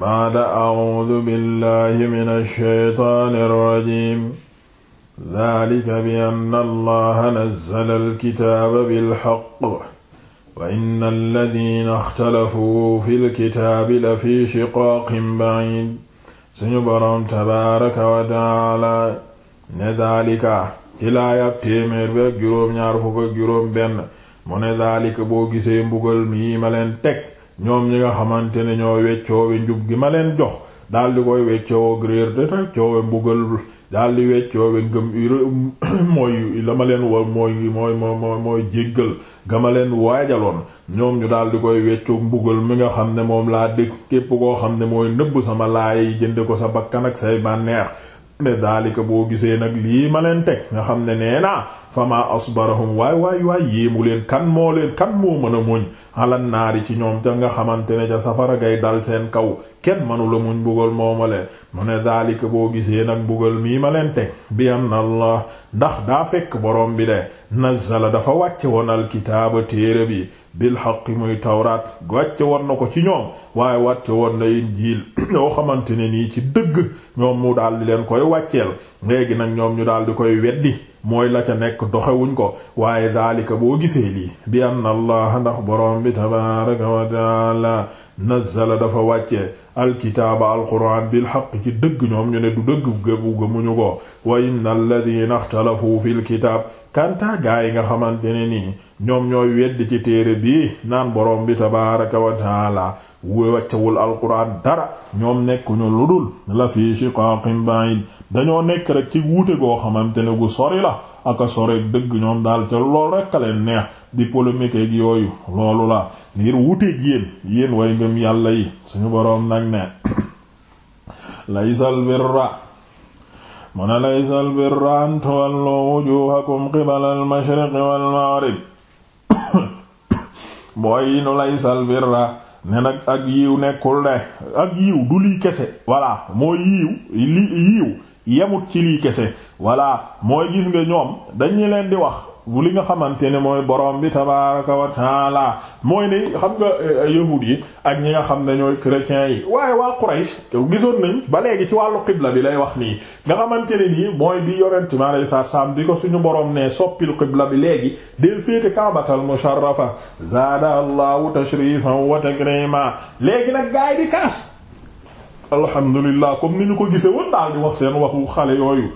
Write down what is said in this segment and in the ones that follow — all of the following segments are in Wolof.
baada acuudu billahi min alsheytaan alrajim dalika bi ann allaha nazzala alkitaaba bilxaq wa in alladina ixtalafuu fi lkitaabi la fi shiqaaqin bacid suñu boroom tabaaraka wa tacaala ne daalika ci laayab téeméer bi ak juróom-ñaar fukk ak juróom benn mu ne daalika boo gisee mbugal mii ma leen teg ñoom ñi nga xamante ne ñoo weccoowe njub gi ma leen jox di koy weccoo gréer de te coowe mbugal di weccoowe ngëm mooy la ma leen wa mooy mooy mooy mooy jéggal ga leen waajaloon ñoom ñu di koy weccu mbugal mi nga xam ne moom laa dégg képp koo xam ne mooy nëbb sama laaya yi jënde ko sa bakkan ak say bànneex ne daalika boo gisee nag lii ma leen teg nga xam ne nee fama asbarahum waay waay waay yéemu leen kan moo leen kan moo mën a muñ alan naari ci ñoom ca nga xamante ne ca safara gay dal seen kaw kenn mënula muñ mbugal mooma leen mu ne daalika boo gisee nag mbugal mii ma leen teg bi am allah ndax daa fekk boroom bi de nazzala dafa wàcce woon alkitaaba téere bi bil haqqi muy tawraat wàcce woon na ko ci ñoom waaye wàcce woon na injiil yoo xamante ne nii ci dëgg ñoom mu daal di leen koy wàcceel léegi nag ñoom ñu daal di koy weddi mooy la ca nekk doxewuñ ko waaye daalika boo gisee lii bi anna allah ndax boroom bi tabaaraka wa taala nazzala dafa wàcce alkitaaba alquraan bil haqqi ci dëgg ñoom ñu ne du dëgg gëbu gëmuñu ko wa inna alladhiina ikhtalafu fil kitaab kanta gaa yi nga xamante ni ñoom ñooy weddi ci téere bii naan boroom bi tabaaraka wa taala wàccawul alquran dara ñoom nekkuñu lu dul la fii shiqaqin ba'id dañoo nekk rek ci wuute goo xamante ne gu sori la aka sori dëgg ñoom daal ca lool rekk a leen neex di polémique ak yooyu loolu la ngir wuuteeg yéen yéen way ngëm yàlla yi suñu boroom nag ne laysal birra mu ne laysa albirra an tuwallu wujuhakum qibala almashriqi walmaghrib mooy nu laysa ak yiw nekkul de ak yiw du kese voilà mooy yiw yiw yemut ci lii kese voilà mooy gis nga ñoom dañu leen di wax bu li nga xamante ne mooy borom bi tabaraka wa taala mooy ne xam nga euh, yahud yi ak ñi nga xam ne ñooy chrétiens yi waaye waa Quraysh gisoon nañ ba léegi ci wàllu xibla bi lay wax nii nga xamante ne nii mooy bi yonent mi alayhi salaatu salaam di ko suñu boroom ne soppil xibla bi léegi del féete kaabatal musharrafa zaada allahu tashrifan wa takrima léegi nag gaay di kaas alhamdulilah comme ni ñu ko gisee woon daal di wax seen waxu xale yooyu.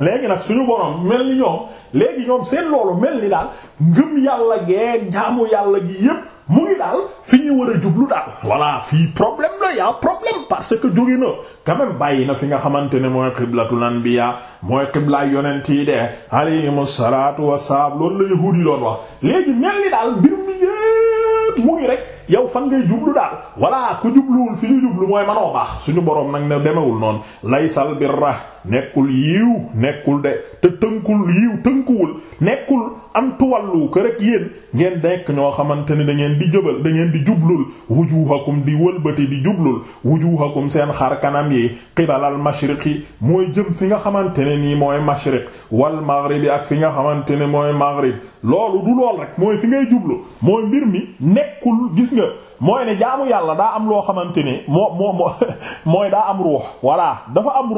léegi nag suñu borom mel ni ñoom léegi ñoom seen loolu mel ni daal ngëm yàlla gee jaamu yàlla gi yépp mu ngi daal fi ñu war a jublu daal voilà fii problème la y'a problème parce que jóge na quand bàyyi na fi nga xamante ne mooy xiblatul anbiya mooy xiblaay yonent yi de alayhimu salaatu wassalaam loolu la yahuud yi wax léegi mel ni daal mbir mi yépp mu ngi rek. yow fan ngay jublu daal walla ku jubluwul fi ñu jublu mooy manoo baax suñu boroom nag ne demewul noonu laysal birra nekkul yiiw nekkul de te tënkul yiiw tënkuwul nekkul am tuwallu ko rek yéen ngeen nekk ñoo xamante ne da di jëbal da ngeen di jublul wujuhakum di wëlbati di jublul wujuhakum seen xar kanam yi qibalal mashriqi mooy jëm fi nga xamante ne nii mooy mashriq wal maghribi ak fi nga xamante ne mooy maghrib loolu du lool rek mooy fi ngay jublu mooy mbir mi nekkul gis nga mooy ne jaamu yàlla daa am loo xamante ni moo moo mooy daa am ruux voilà dafa am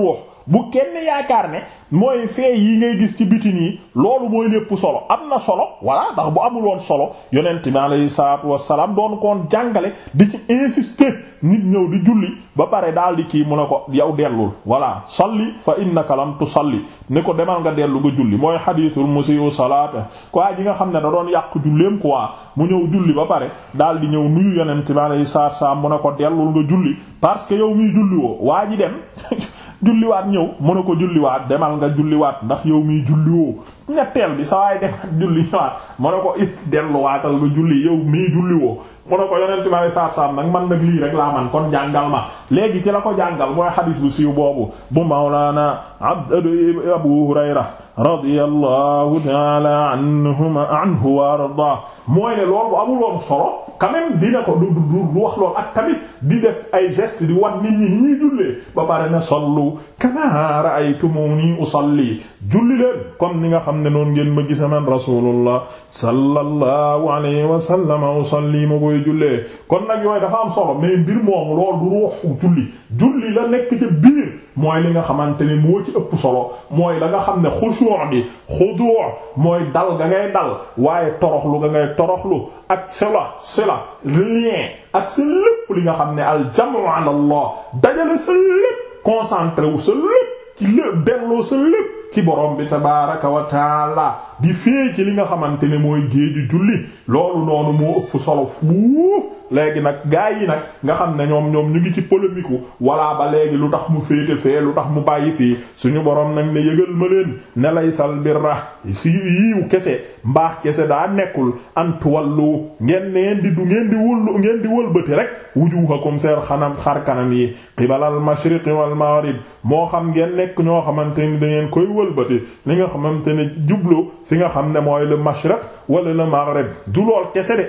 bu kenn yaakaar ne mooy fee yi ngay gis ci biti nii loolu mooy lépp solo am na solo voilà ndax bu amul woon solo yonent bi alayhi salaatu wassalaam doon koon jàngale di ci insister nit ñëw di julli ba pare daal di kii mu ne ko yow dellul voilà salli fa innaka lam tusalli ne ko demal nga dellu nga julli mooy hadithul musii'u salaata quoi ji nga xam ne da doon yàq julleem quoi mu ñëw julli ba pare daal di ñëw nuyu yonent bi alayhi salaatu wassalaam mu ne ko dellul nga julli parce que yow miy julli woo waa ji dem julliwaat ñëw mu ne ko julliwaat demal nga julliwaat ndax yow miy julliwoo ñetteel bi sa waay demaat julli ko delluwaatal nga julli yow mii julli woo mu ne ko yonent ma ne saar-saam nag man nag lii rek laa man kon jàngal ma léegi ci la ko jàngal mooy xadis siiw boobu bu mawlaana abu hurayra radiyallahu taala anhuma anhu wa arda mooy ne loolu bu amul woon solo quand même dina ko du du wax loolu ak tamit di def ay geste di wan nit ñi ñuy jullee ba pare na sallu kama ra'aytumuni usalli julli leen comme ni nga xam xam ne noon ngeen ma gisa man rasulullah sallallahu alayhi wa sallam usalli ma koy jullee kon nag yooyu dafa am solo mais mbir moomu loolu du ruuxu julli julli la nekk ca biir mooy li nga xamante ne moo ci ëpp solo mooy la nga xam ne xushu' bi xudu' mooy dal ga ngay dal waaye toroxlu ga ngay toroxlu ak sela sela rien ak sa li nga xam ne al jam'u ala Allah dajale sa lépp wu sa lépp ci lépp ci borom bi tabaaraka wa taala di fee ci li nga xamante ne mooy géeju julli loolu noonu moo ëpp solo fuuf léegi nag gaa yi nag nga xam ne ñoom ñoom ñu ngi ci polémique wu walla ba léegi lu tax mu féete fee lu tax mu bàyyi fii suñu borom nag ne yëgal ma leen ne lay sal birra si yiiw kese mbaax kese daa nekkul ant antuwallu ngeen neen di du ngeen di wul ngeen di wëlbati rek wujuhakum seer xanam xar kanam yi qibalal mashriq wal maghrib moo xam ngeen nekk ñoo xamante ni da ngeen koy wëlbati li nga xamante ne jublu fi nga xam ne mooy le mashriq wala le maghrib du lool kese de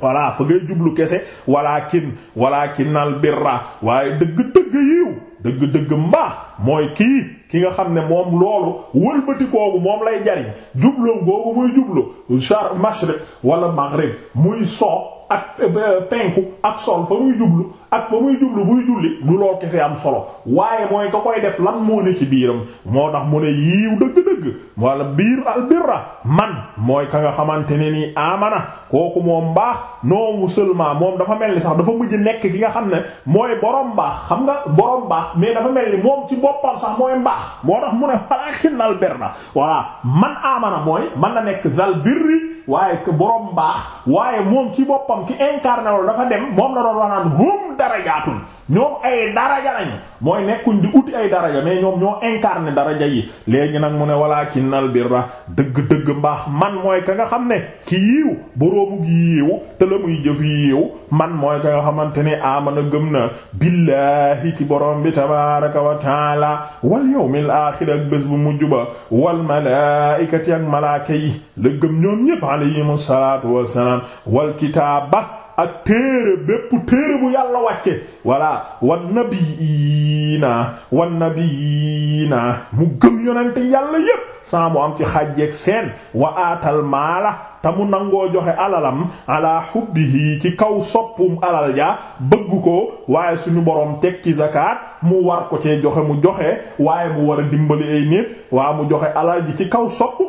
voilà fa ngay jublu kese walaa walakin walakin al birra waaye dëgg-dëgg yiw dëgg-dëgg mbaa mooy kii ki nga xam ne moom loolu wëlbati googu moom lay jariñ jubloom googu muy jublu char mashriq wala maghrib muy so ak eh, penku ak sol fa muy jublu ak ba muy jublu buy julli du loo kese am solo waaye mooy ka koy def lan moo ne ci biiram moo tax mu ne yiiw dëgg-dëgg wala biir albirra man mooy ka nga xamante ne nii amana kooku moom mbaax non seulement moom dafa mel ni sax dafa mujj nekk ki nga xam ne mooy borom baax xam nga borom baax mais dafa mel ni moom ci boppam sax mooy mbaax moo tax mu ne walakin albirra voilà man amana mooy man na nekk zal birri waaye borom baax waaye moom ci boppam ki incarné loolu dafa dem moom la doon wax naan darajaatun ñoom ay daraja lañu mooy nekkuñ di uti ay daraja mais ñoom ñoo incarné daraja yi léegi nag mu ne walaa walaakinnal birra dëgg-dëgg mbaax man mooy ka nga xam ne ki yiiw boroomu yiiw te la muy jëf yiiw man mooy ka nga xamante ne amana gëm na billaahi ci borom bi tabaaraka wa taala wal yawmil aaxir ak bés bu mujj ba wal malaa'ikati ak malaaka yi la gëm ñoom ñépp alayhimu salaatu wassalaam wal kitaaba ak téere bépp téere bu yàlla wàcce voilà wan nabiina wan nabiina mu gëm yonente yàlla yépp saa mu am ci xàjjeeg seen wa aatal maala te mu nangoo joxe alalam ala hubbihi ci kaw soppum alal ja bëgg ko waaye suñu borom teg ci zakat mu war ko cee joxe mu joxe waaye mu war a dimbali ay nit waa mu joxe alal ji ci kaw sopp ko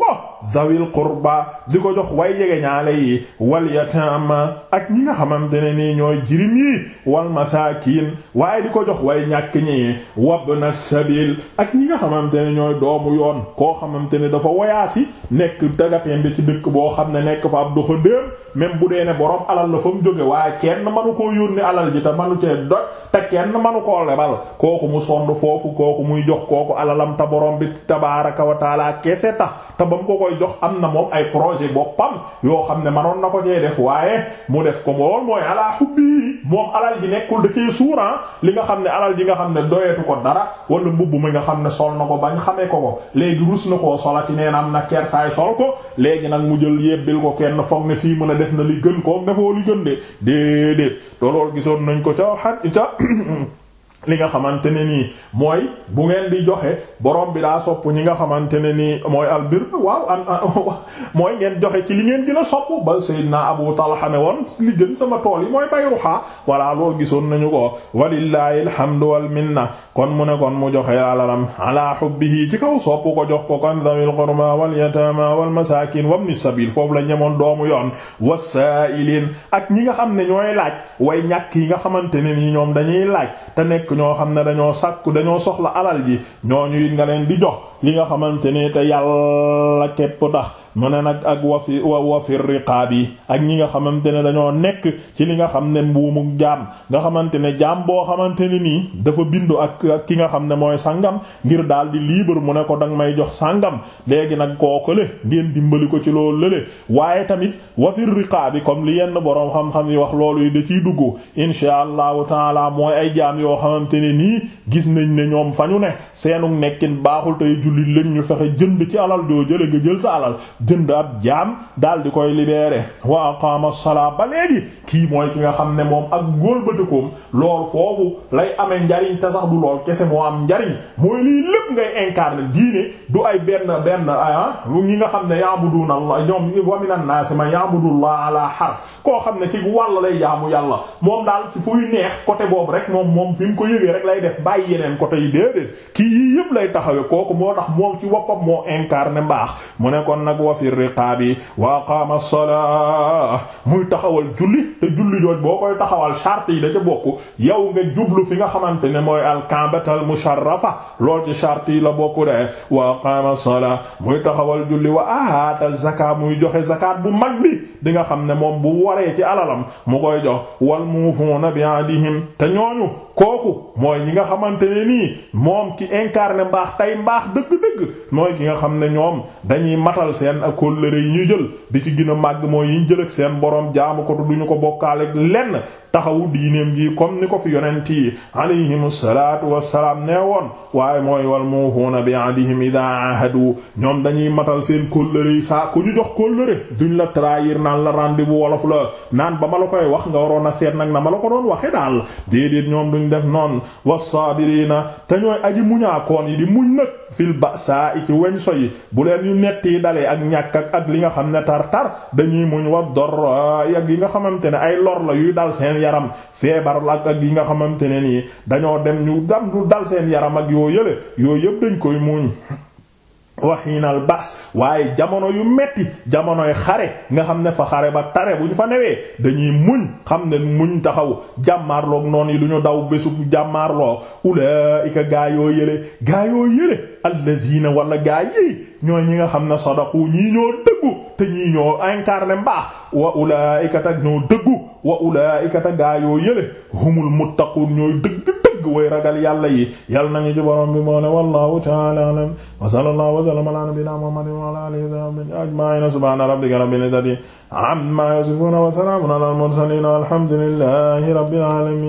zawil qurba di ko jox way jege ñaale yi wal ak ñi nga xamante ne nii ñooy jirim yi wal masaakin waaye di ko jox way ñàkk ñi wabna sabil ak ñi nga xamante ne ñooy doomu yoon koo xamante ni dafa woyaasi nekk dagateen bi ci dëkk boo xam ne nekk fa ab doxandéem même bu dee ne borom alal la fa mu jóge waaye kenn manu koo yónni alal ji te manu cee doj te kenn manu koo lebal kooku mu sond foofu kooku muy jox kooku alalam te borom bi tabaaraka wa taala kese tax te ba mu ko koy jox am na moom ay projet boppam yoo xam ne manoon na ko cee def waaye mu def ko mool mooy alaa xubbi moom alal ji nekkul da cee suuran ah, li nga xam ne alal ji nga xam ne doyetu ko dara wala mbubb mi nga xam ne sol na ko bañ xamee ko ko léegi rus na koo solati nee na am na kersaay sol nag mu jël yebbil ko kenn foog ne mën a def na li gën kook defoo li gën de déedéet te lool gisoon nañ ko ca xat ca li nga xamante ne nii mooy bu ngeen di joxe boroom bi daa sopp ñi nga xamante ne nii mooy albir waaw an mooy ngeen joxe ci li ngeen gën a sopp ba Seydina Abu Talha ne woon li gën sama tool yi mooy bay ruxaa voilà loolu gisoon nañu ko walillahi alhamdu wal minna kon mu ne kon joxe alalam ala hubbihi ci kaw sopp ko jox ko kan dawil qurba wal yatama wal masakin foofu la ñemoon doomu yoon wasailin ak ñi nga xam ne ñooy laaj way ñàkk yi nga xamante ne nii ñoom dañuy laaj te nekk nekk ñoo xam ne dañoo sàkku dañoo soxla alal ji ñoo it nga leen di jox li nga xamante ni te yàlla képp tax mu ne nag ak wafi wafir riqaab yi ak ñi nga xamante ne dañoo nekk ci li nga xam ne mbuumu jaam nga xamante ne jaam boo xamante ne nii dafa bindu ak ki nga xam ne mooy sangam ngir daal di libre mu ne ko danga may jox sangam léegi nag kookale ngeen dimbali ko ci loolu lële waaye tamit wafir riqaab yi comme li yenn boroom xam-xam yi wax loolu yi da ciy dugg insha allahu taala mooy ay jaam yoo xamante ne nii gis nañ ne ñoom fa ñu ne seenu nekkin baaxul tey jullit lañ ñu fexe jënd ci alal doo jële nga jël sa alal jënd ab jaam daal di koy libeere wa aqama salaa ba léegi kii mooy ki nga xam ne moom ak góolbatikoom lool foofu lay amee njariñ te sax du lool kese moo am njariñ mooy lii lépp ngay incarner diine du ay benn benn ah ñi nga xam ne ya'buduna Allah ñoom wa minan nas man ya'budu Allah ala harf koo xam ne ci wàll lay jaamu yàlla moom daal ci fuy neex côté boobu rek moom moom fi mu ko yëgee rek lay def bàyyi yeneen côté yi déedéet kii yii yëpp lay taxawee kooku moo tax moom ci woppam moo incarner mbaax wa fi riqaabi wa aqaama as-salaa muy taxawal julli te julli jooj boo koy taxawal charte yi da ca bokk yow nga jublu fi nga xamante ne mooy al-ka'batal musharrafa lool ci charte yi la bokk de wa aqaama as-salaa muy taxawal julli wa aata zakaa muy joxe zakat bu mag bi di nga xam ne moom bu waree ci alalam mu koy jox wal muufuuna bi ahdihim te ñooñu kooku mooy ñi nga xamante ne nii moom ki incarné mbaax tey mbaax dëgg-dëgg mooy ki nga xam ne ñoom dañuy matal seen kóllëre yi ñu jël di ci gën a màgg mooy yi ñu jël ak seen borom jaamu ko du ñu ko bokkaale lenn taxawu diineem ji comme ni ko fi yonent yi alayhimu salaatu wassalaam nee woon waaye mooy wal muuhuuna bi ahdihim idaa ahadu ñoom dañuy matal seen kóllëre yi saa ku ñu jox kóllëre duñ la trahir naan la rendez bu wolof la naan ba ma la koy wax nga waroon a seet nag na ma la ko doon waxe daal déedéet ñoom duñ def noonu wassaabiriina te ñooy aji muñaakoon yi di muñ nag fil saa i ci weñ so yi bu leen yu netti dalee ak ñàkk ak ak li nga xam ne tar tar dañuy muñ wa dorra ak yi nga xamante ne ay lor seen yaram feebar ak ak yi nga xamante ne nii dañoo dem ñu dam du dal seen yaram ak yoo yële yooyu yëpp dañ koy muuñ waxiinal bas waaye jamono yu metti jamonoy xare nga xam ne fa xare ba tare bu ñu fa newee dañuy muñ xam ne muñ taxaw jàmmaarloog noon yi du ñu daw bésu jàmmaarloo ulaa'ika gaa yoo yële gaa yoo yële alladhiina wala gaa yi ñooy ñi nga xam ne sadaqu ñoo dëggu wa ulaa'ika te gaa yoo yële humul muttaquun ñooy dëgg dëgg way ragal yàlla yi yàlla nañu ci borom bi moo ne wallahu ta'ala a'lam wa sallallahu wa sallama ala nabiyyina muhammadin wa ala alihi wa sahbihi ajma'in subhana rabbika rabbil izzati amma yasifun wa salamun ala al mursalin walhamdulillahi rabbil alamin